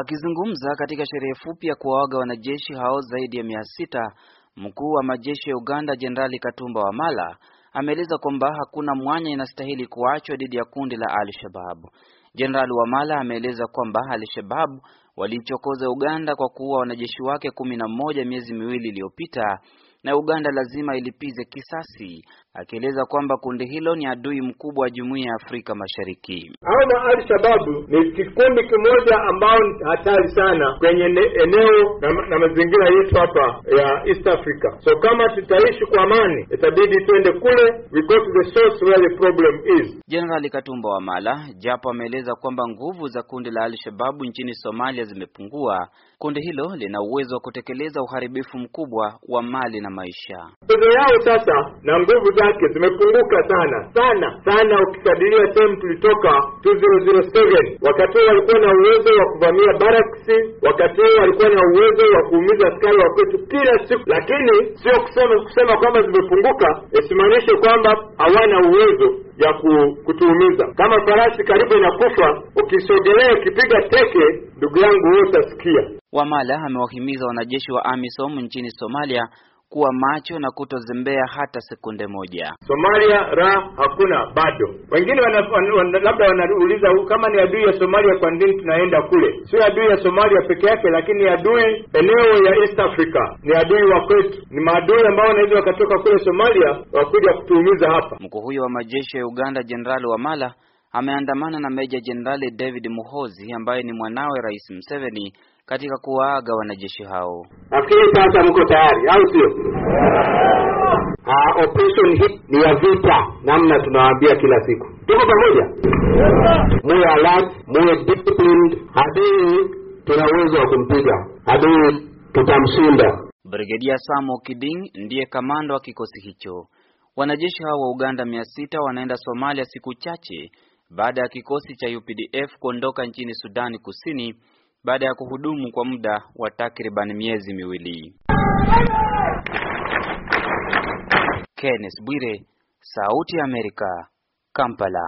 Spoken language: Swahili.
Akizungumza katika sherehe fupi ya kuwaaga wanajeshi hao zaidi ya mia sita, mkuu wa majeshi ya Uganda Jenerali Katumba Wamala ameeleza kwamba hakuna mwanya inastahili kuachwa dhidi ya kundi la Al-Shabaab. Jenerali Wamala ameeleza kwamba al shababu waliichokoza Uganda kwa kuua wanajeshi wake kumi na moja miezi miwili iliyopita na Uganda lazima ilipize kisasi akieleza kwamba kundi hilo ni adui mkubwa wa jumuiya ya Afrika Mashariki. Hawa Al-Shababu ni kikundi kimoja ambao ni hatari sana kwenye eneo na, na mazingira yetu hapa ya East Africa. So kama tutaishi kwa amani, itabidi twende kule, we go to the source where the problem is. Jenerali Katumba Wamala japo ameeleza kwamba nguvu za kundi la Al-Shababu nchini Somalia zimepungua, kundi hilo lina uwezo wa kutekeleza uharibifu mkubwa wa mali na maisha. Nguvu yao sasa na nguvu zake zimepunguka sana sana sana, ukikadiria sehemu tulitoka 2007 wakati huo walikuwa na uwezo wa kuvamia baraksi, wakati huo walikuwa na uwezo wa kuumiza askari wa kwetu kila siku, lakini sio kusema kusema kwamba zimepunguka isimaanishe kwamba hawana uwezo ya kutuumiza. Kama farasi karibu inakufa, ukisogelea ukipiga teke, ndugu yangu, wewe utasikia. Wamala amewahimiza wanajeshi wa AMISOM nchini Somalia kuwa macho na kutozembea hata sekunde moja. Somalia raha hakuna bado. Wengine labda wanauliza kama ni adui ya Somalia, kwa nini tunaenda kule? Sio adui ya Somalia peke yake, lakini adui eneo ya East Africa ni adui wa kwetu, ni maadui ambao wanaweza wakatoka kule Somalia wakuja kutuumiza hapa. Mkuu huyo wa majeshi ya Uganda Jenerali Wamala ameandamana na Meja Jenerali David Muhozi ambaye ni mwanawe Rais Museveni katika kuwaaga wanajeshi hao. Nafikiri sasa mko tayari, au sio? Uh, operation hii ni ya vita, namna tunawaambia kila siku. Tuko pamoja, muwe alert, muwe disciplined. Adui tuna uwezo wa kumpiga adui, tutamshinda. Brigedia Samo Kiding ndiye kamanda wa kikosi hicho. Wanajeshi hao wa Uganda mia sita wanaenda Somalia siku chache baada ya kikosi cha UPDF kuondoka nchini Sudani Kusini baada ya kuhudumu kwa muda wa takriban miezi miwili. Kenneth Bwire, Sauti ya Amerika, Kampala.